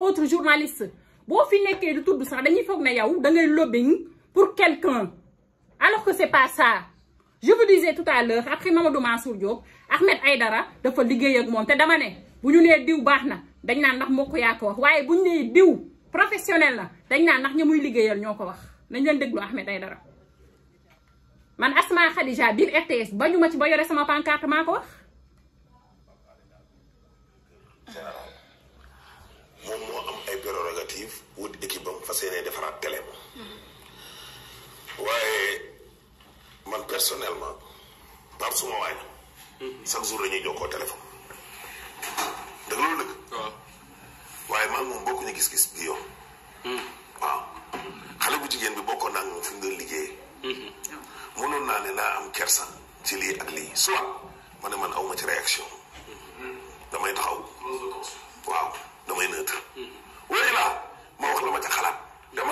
autre journaliste boo fi nekkee du tudd sax dañuy foog ne yow da ngay lobbying pour quelqu'un alors que c'est pas ça je vous disais tout à l'heure après Mamadou Mansour Diop Ahmed Aïdara dafa liggéey ak moom te dama ne bu ñu nee diw baax na dañ naan ndax moo ko yaa ko wax waaye bu ñu nee diw professionnel la dañ naan ndax ña muy liggéeyal ñoo ko wax nañ leen déglu Ahmed dara man Asma Khadija biir RTS bañu ma ci ba yore sama pancarte maa ko wax Pastef wut équipe am fas yéene defaraat télé waaye man personnellement par suma waañ chaque jour dañuy jokkoo téléphone dëgg loolu dëgg waaw waaye man moom bokkuñu gis-gis bi yow xale bu jigéen bi bokkoon naa moom fi liggéey doon mhm. mënoon naa ne naa am kersa ci lii ak lii soit ma man awma ci réaction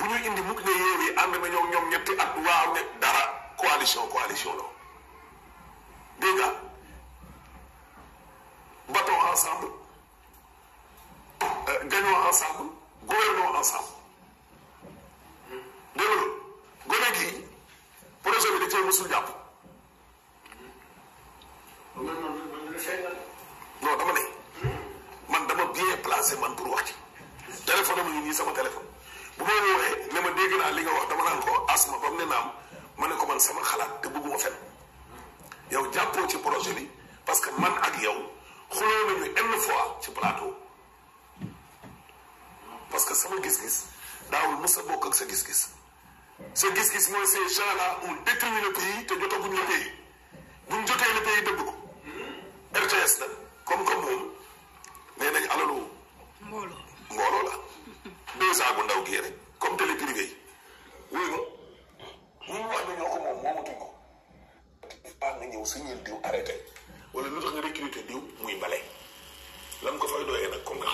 bu ñu indi mukk ne yéen yi ànd na ñoom ñoom ñetti at waaw ne dara coalition coalition la dama naan ko asma ba mu ne naam ma ne ko man sama xalaat te bëgguma fen yow jàppoo ci projet bi parce que man ak yow xuloo nañu une fois ci plateau parce que sama gis-gis daawul mës a bokk ak sa gis-gis sa gis-gis mooy ces gens là ont détruit le pays te jotaguñ le pays buñ jotee le pays dëgg ko RTS nag comme comme moom nee nañ alalu mbooloo la. deux ans bu ndaw gii rek comme télé wéy ma ñun wala lu tax nga ko fay doyee nag comme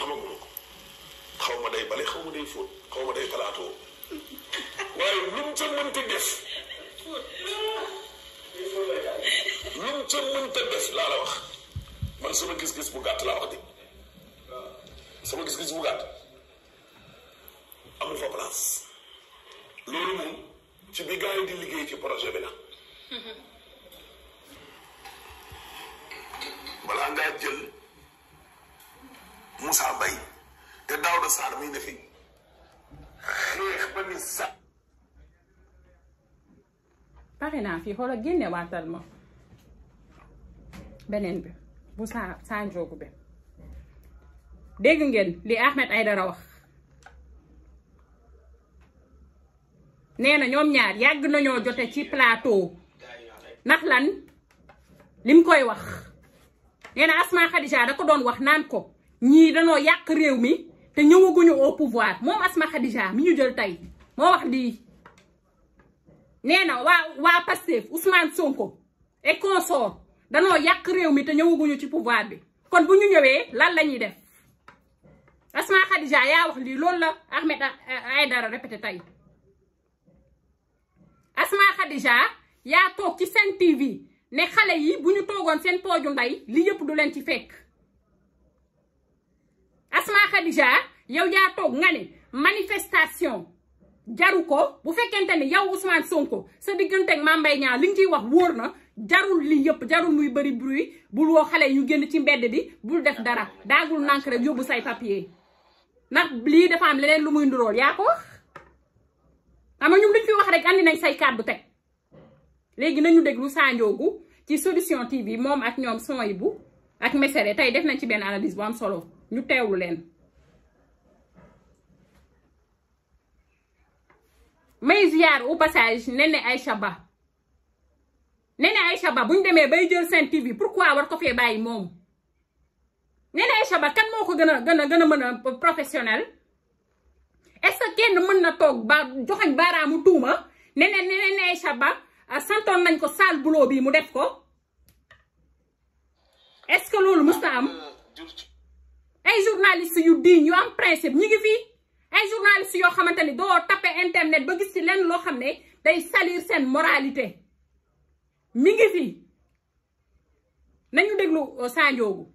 nga day bale xaw ma day fóot xaw ma day palaatoo waaye lu mu ca mënti def lu mu ca mënta def laa la wax man sama gis-gis bu gàtt laa wax di sama gis-gis bu gàtt amul fa place loolu moom ci bi gars yi di liggéey ci projet bi la. balaa ngaa jël Moussa Mbaye te Daouda Sarr muy ne fi xeex ba ni sax. pare fi xoolal génne waatal ma beneen bi bu saa saa njoogu bi dégg ngeen li Ahmed Aïdara nee na ñoom ñaar yàgg nañoo jote ci plateau ndax lan lim koy wax nee na Asma Khadija da doon wax naan ko ñii danoo yàq réew mi te ñëwaguñu au pouvoir moom Asma Khadija mi ñu jël tey moo wax lii nee na waa waa Pastef Ousmane Sonko et consort danoo yàq réew mi te ñëwaguñu ci pouvoir bi kon bu ñu ñëwee lan la ñuy def Asma Khadija yaa wax lii loolu la Ahmed Aïdara répété tey Asma Khadija yaa toog ci seen TV ne xale yi bu ñu toogoon seen pooju nday li yëpp du leen ci fekk Asma Khadija yow yaa toog nga ne manifestation jaru ko bu fekkente ni yow Ousmane Sonko sa diggante ak Mame Mbaye li nga ciy wax wóor na jarul li yëpp jarul muy bëri bruit bul woo xale yu génn ci mbedd di bul def dara daagul nànk rek yóbbu say papier ndax lii dafa am leneen lu muy ndurool yaa ko xam nga ñun lu ñu wax rek andi nañ say kàddu teg léegi nañu déglu Sandiogou ci solution TV moom ak ñoom Sohaibou ak Mesere tey def nañ ci benn analyse bu am solo ñu teewlu leen. may ziar au passage Néné ay Ba Néné ay Ba bu ñu demee bay jël seen TV pourquoi war ko fee bàyyi moom Néné Aïcha Ba kan moo ko gën a gën a gën a mën a professionnel. est-ce que kenn mën na toog ba joxañ baaraamu tuuma ne ne ne ne Ba ah, santoon nañ ko sale boulot bi mu def ko est-ce que loolu mës na am ay journaliste yu diñ yu am principe ñu ngi fii ay journaliste yoo xamante ni doo tappe internet ba gis ci lenn loo xam ne day saliir seen moralité mi ngi fii nañu déglu euh, Sa Ndiogou.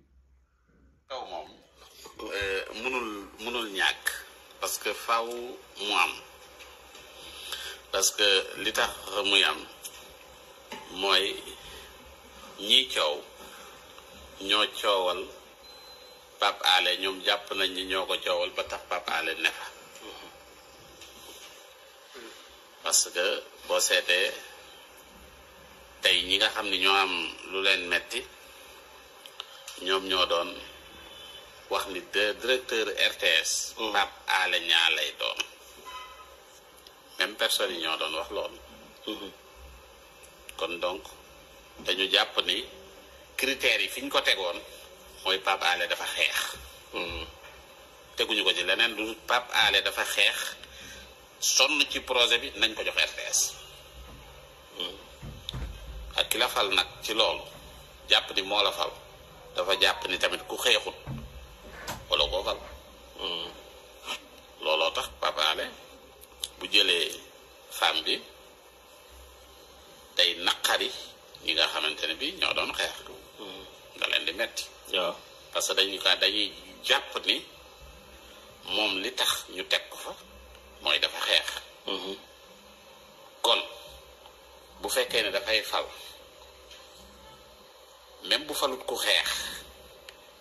taw euh, ñàkk. parce que faw mu am parce que li tax muy mooy ñiy coow ñoo coowal Pape Alé ñoom jàpp nañ ni ñoo ko coowal ba tax Pape Alé ne parce que boo seetee tey ñi nga xam ni ñoo am lu leen metti ñoom ñoo doon wax ni directeur RTS mm. Pape Alé Niang lay doon même personne yi ñoo doon wax loolu mm-hmm. kon donc dañu jàpp ni critères yi fi ñu ko tegoon mooy Pape Alé dafa xeex mm-hmm. teguñu ko ci leneen du Pape Alé dafa xeex sonn ci projet bi nañ ko jox RTS mm-hmm. ak ki fal nag ci loolu jàpp ni moo la fal dafa jàpp ni tamit ku xeexut ko fal hmm. looloo tax papaane bu jëlee femme bi tey naqari ñi nga xamante ne bi ñoo doon xeex hmm. da leen di metti waaw parce que dañu ka dañuy jàpp ni moom li tax ñu teg ko fa mooy dafa xeex hmm. kon bu fekkee ne dafay fal même bu falut ku xeex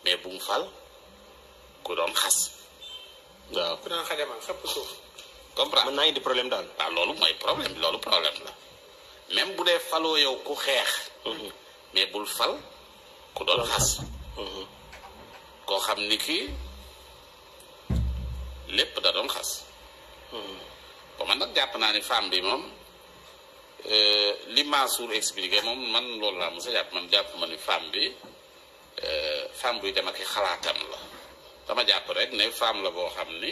mais bu fal ku doon xas. waaw ku doon xajama xëpp suuf. comprendre mën naa indi problème daal. waaw ah, loolu mooy problème bi loolu problème la même bu dee faloo yow ku xeex. Mhm. mais bul fal ku doon xas. Mhm. koo xam ni kii lépp da doon xas. Mhm. ba man nag jàpp naa ni femme bi moom euh, li Mansour expliqué moom man loolu laa mos a man jàpp ma femme bi euh, femme buy dem ak xalaatam la. dama jàpp rek ne femme la boo xam ni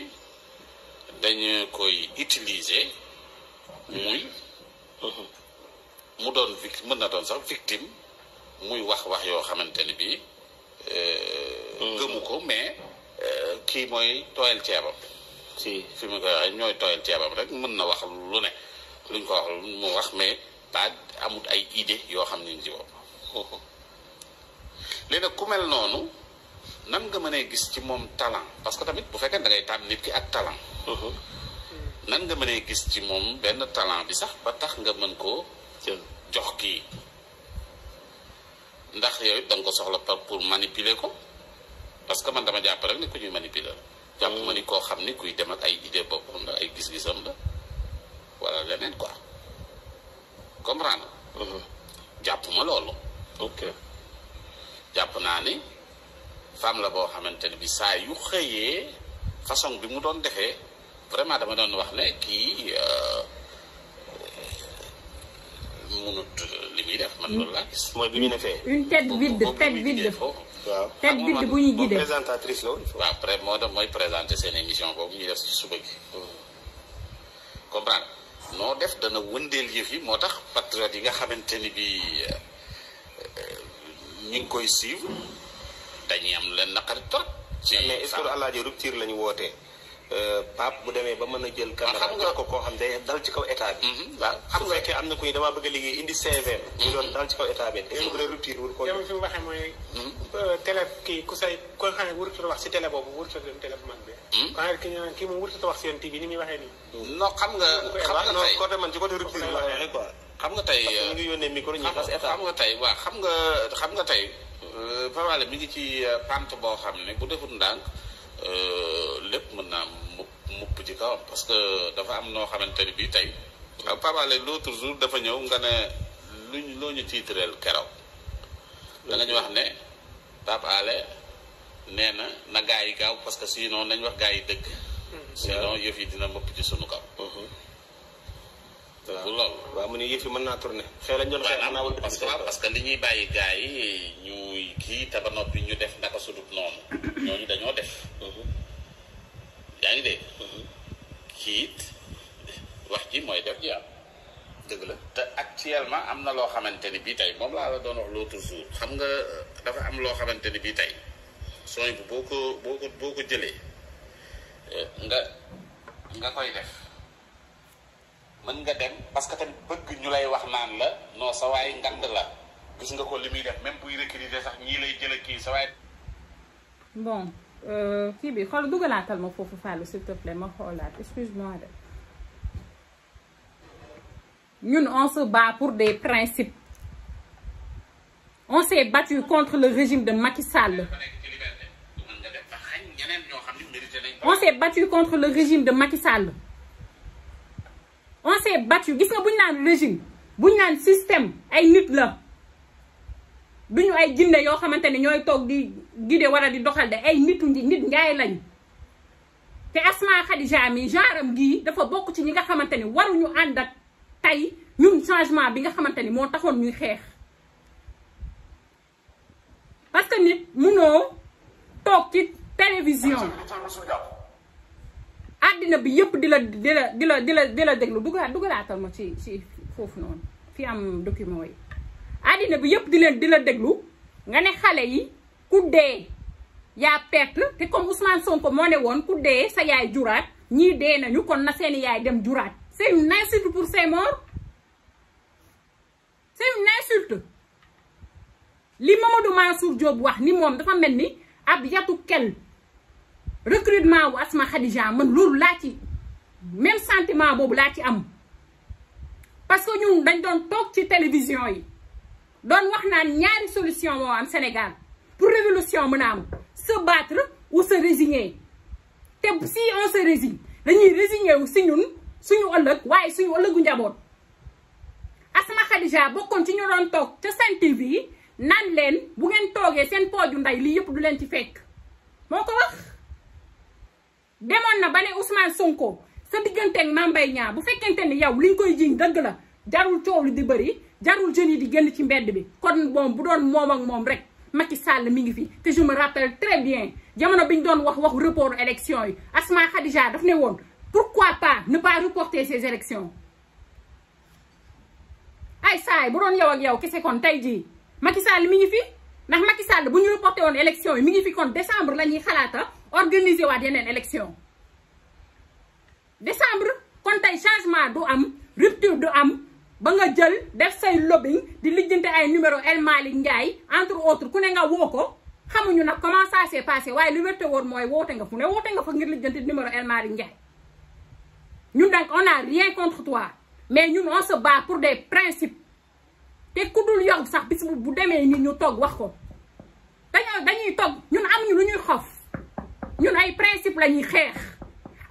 dañu koy utiliser muy mu doon mën na doon sax victime muy wax wax yoo xamante ni bii euh, mm-hmm. gëmu ko mais euh, kii mooy tooyal ceebam si fi mu koy ñooy tooyal ceebam rek mën na wax lu ne luñ ko wax mu wax mais daa amut ay idée yoo xam ni ñu ci mm-hmm. ku mel noonu nan nga mënee gis ci moom talent parce que tamit bu fekkee da ngay tànn nit ki ak talent. Uh-huh. nan nga mënee gis ci moom benn talent bi sax ba tax nga mën koo. jox kii ndax yooyu da ko soxla par pour manipuler ko parce que man dama jàpp rek ni ku ñuy manipuler la. jàpp ma ni koo xam ni kuy dem ak ay idée boppam la ay gis-gisam la wala leneen quoi comprendre uh-huh. jàpp ma loolu. ok jàpp naa ne femme la boo xamante ne bi saa yu xëyee façon bi mu doon defee vraiment dama doon wax ne kii euh, munut li muy def man loolu laa gis. Mm. mooy bi ñu ne fee. une tête vide tête vide waaw tête vide bu ñu guidé waaw après moo doon mooy présenter seen émission boobu ñuy def ci suba gi. comprendre noo def dana wëndeel yëf yi moo tax patriote yi nga xamante ni bi euh, euh, ñu ngi koy siiw dañuy am leen naqari trop. ci mais est-ce que alaaji rupture la ñu wootee. Euh, Pape bu demee ba mën a jël. Ah, caméra jox ko koo xam day dal ci kaw état bi. Mhm, waaw xam nga su am na ku damaa bëgg liggéey indi mhm. ce que mhm. rupture wul ko. yow fi mu euh, kii ku say ko xam ne wurtu wax si télé boobu wurtu bi. waaye kii moom wax seen TV ni muy waxee nii. xam nga xam nga tey côté man ci rupture xam nga tey parce que ñu ngi yónnee xam nga tey waa xam nga xam nga tey Euh, Pape Alé mi ngi ci euh, pante boo xam ne bu defut ndànk euh, lépp mën naa mupp mupp ci kawam parce que dafa am noo xamante ni bii tey Pape Alé loo jour dafa ñëw nga ne luñ loo ñu tiitreel keroog da nga ñu wax ne Pape Alé nee na na gaa yi gaaw parce que sinon nañ wax gaa yi dëgg mm-hmm. sinon yëf yi dina mëpp ci sunu kaw waaw mm-hmm. loolu. waaw yëf yi mën naa tourner. xëy na ñoom xëy na parce que parce li ñuy bàyyi gaa yi kii te ba noppi ñu def naka sudut noonu ñooñu dañoo def yaa ngi dégg kiit wax ji mooy def ji am dëgg la te actuellement am na loo xamante ni bii tey moom laa la doon wax l'autre jour xam nga dafa am loo xamante ni bii tey sooy bu boo ko boo ko boo ko jëlee eh, nga nga koy def mën nga dem parce que bëgg ñu lay wax naan la noo sa waay ngand la gis nga ko li muy def même buy recruter sax ñii lay jëlee kii sa waaye. bon euh, kii bi xool dugalaatal ma foofu Fallou s'il te plaît ma xoolaat excuse-moi de ñun on se bat pour des principes on s'est battu contre le régime de Macky Sall. on s'est battu contre le régime de Macky Sall. on s'est battu gis nga bu ñu naan régime bu naan système ay nit la. duñu ay jinne yoo xamante ne ñooy toog gi di guider wala di doxal de ay nitu nit ngaay lañ te Asma Khadija mi jaaram gii dafa bokk ci ñi nga xamante ni waruñu ànd ak tey ñun changement bi nga xamante ni moo taxoon muy xeex parce que nit munoo toog ci télévision àddina bi yëpp di la di la di la di la di la déglu moo ma ci ci foofu noonu fi am document yi àddina bi yëpp di leen di la déglu nga ne xale yi ku dee yaa perte te comme Ousmane Sonko moo ne woon ku dee sa yaay juraat ñii dee nañu kon na seeni yaay dem juraat c'est une insulte pour ces morts c'est une insulte li Mamadou Mansour Diop wax ni moom dafa mel ni ab yatu kel recrutement wu Asma Khadija man loolu laa ci même sentiment boobu laa ci am parce que ñun dañ doon toog ci télévision yi doon wax naan ñaari solution moo am Sénégal pour révolution mën a am se battre ou se résigner te si on se résigne dañuy résigner wu si ñun suñu ëllëg waaye suñu ëllëgu njaboot Asma Khadija bokkoon ci ñu doon toog ca Sen TV yi naan leen bu ngeen toogee seen pooju ndey lii yëpp du leen ci fekk moo ko wax demoon na ba ne Ousmane Sonko sa digganteeg Mame Mbaye Niang bu fekkente ni yow liñ koy jiñ dëgg la jarul coow lu di bëri jarul jeunes yi di génn ci mbedd bi kon moom bu doon moom ak moom rek Macky Sall mi ngi fi te je me rappelle très bien jamono bi ñu doon wax wax report élection yi Asma Khadija daf ne woon pourquoi pas ne pas reporter ces élections ay saay bu doon yow ak yow kese kon tey jii Macky Sall mi ngi fi ndax makki Sall bu ñu reporté woon élection yi mi ngi fi kon décembre la ñuy xalaata organiser waat yeneen élection décembre kon tey changement du am rupture du am ba nga jël def say lobbying di lijjante ay numéro El Malick Ndiaye entre autres ku ne nga woo ko xamuñu nag comment ça s'est waaye li wérte woon mooy woote nga fu ne woote nga fa ngir lijjante numéro El Malick Ndiaye ñun donc on a rien contre toi mais ñun on se bat pour des principes te ku dul yog sax bis bu demee nii ñu toog wax ko dañoo dañuy toog ñun amuñu lu ñuy xof ñun ay principe la ñuy xeex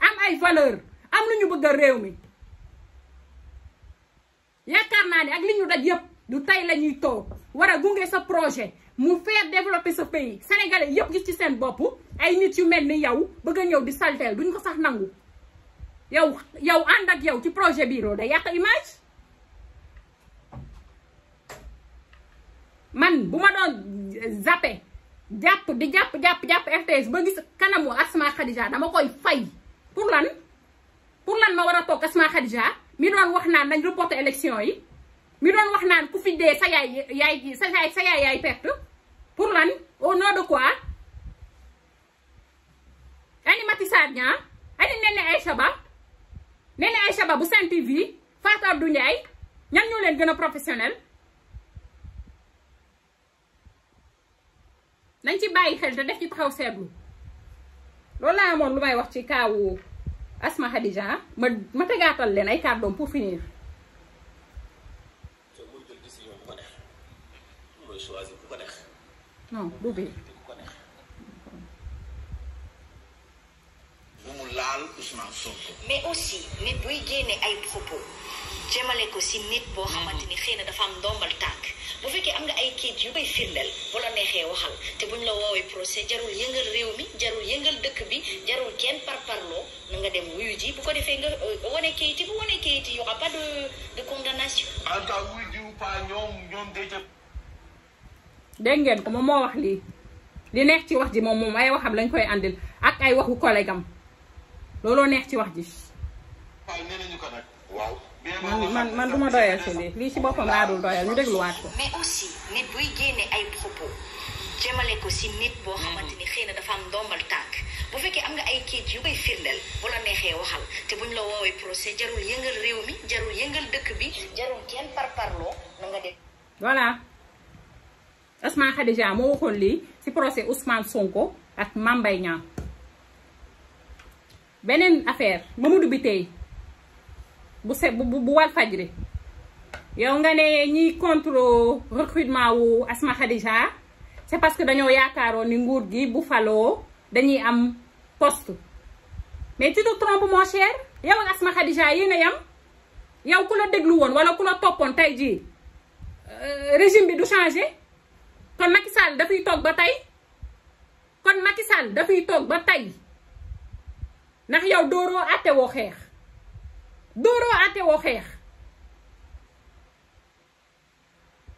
am ay valeur am lu ñu bëgg a réew mi yaakaar naa ne ak li ñu daj yëpp du tey la ñuy toog war a gunge sa projet mu faire développer sa pays sénégalais yëpp gis ci seen bopp ay nit yu mel ni yow bëgg a ñëw di salteel duñ ko sax nangu yow yow ànd ak yow ci projet bii loolu day yàq image man bu ma doon zappe jàpp di jàpp jàpp jàpp RTS ba gis kanamu Asma Khadija dama koy fay pour lan pour lan ma war a toog Asma Khadija mi doon wax naan nañ reporté élection yi mi doon wax naan ku fi dee sa yaay yaay sa yaay yaay perte pour lan au nom de quoi ani Mati Sarnia ani Nene Aïcha Ba Nene Aïcha bu Sen TV Fatou Abdou Ndiaye ñan ñoo leen gën a professionnel nañ ci bàyyi xel te def ci taxaw seetlu loolu laa amoon lu may wax ci kaawu Asma Khadija ma ma tegaatal leen ay kàddoom pour finir. non du bi. bu mu laal Ousmane mais aussi nit buy génne ay propos. jëmale ko si nit boo mhm. xamante ni xëy na dafa am ndombal tànk bu fekkee am nga ay kayit yu koy firndeel bu la neexee waxal te buñ la woowee procès jarul yëngal réew mi jarul yëngal dëkk bi jarul kenn parparloo na nga dem wuyu ji bu ko defee nga euh, wane kayit yi bu wane kayit yi y aura pas de condamnation. en ñoom ñoom déjà. dégg ngeen ko moom moo wax lii li neex ci wax ji moom moom ay waxam lañ koy àndil ak ay waxu collègue am looloo neex ci wax ji. waaw nee nañu waaw. man man man du ma doyal si lii lii si boppam laa dul doyal ñu dégluwaat ko. mais aussi nit buy génne ay propos jëmale ko si nit boo xamante ni xëy na dafa am ndombal tànk bu fekkee am nga ay kayit yu koy firndeel bu la neexee waxal te buñ la woowee procès jarul yëngal réew mi jarul yëngal dëkk bi jarul kenn parparloo na nga def. voilà Asma Khadija moo waxoon lii si procès Ousmane Sonko ak Mame Mbaye Niang beneen affaire Mamadou Biteye. bu se bu bu Walfadjri yow nga ne ñiy contre recrutement wu Asma Khadija c'est parce que dañoo yaakaaroon ni nguur gi bu faloo dañuy am poste mais tu te trompes mon cher yow ak Asma Khadija yéen yam yow ku la déglu woon wala ku la toppoon tey jii euh, régime bi du changé kon Macky Sall dafay toog ba tey kon Macky Sall dafay toog ba tey ndax yow dooroo àtte woo xeex. dóoroo àtte woo xeex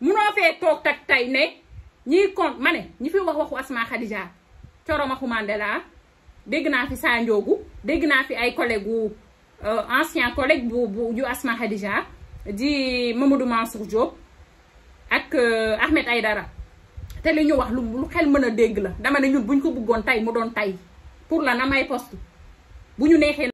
munoo fee toog tak tey ne ñiy compte ma ne ñi fi wax waxu Asma Khadija Coro Maxu Mandela dégg naa fi Sa dégg naa fi ay collègue wu euh, ancien collègue bu bu yu Asma Khadija di Mamadou Mansour Diop ak euh, Ahmed Aydara te lu ñu wax lu lu xel mën a dégg la dama ne ñun buñ ko buggoon tey mu doon tay pour la na may poste bu ñu neexee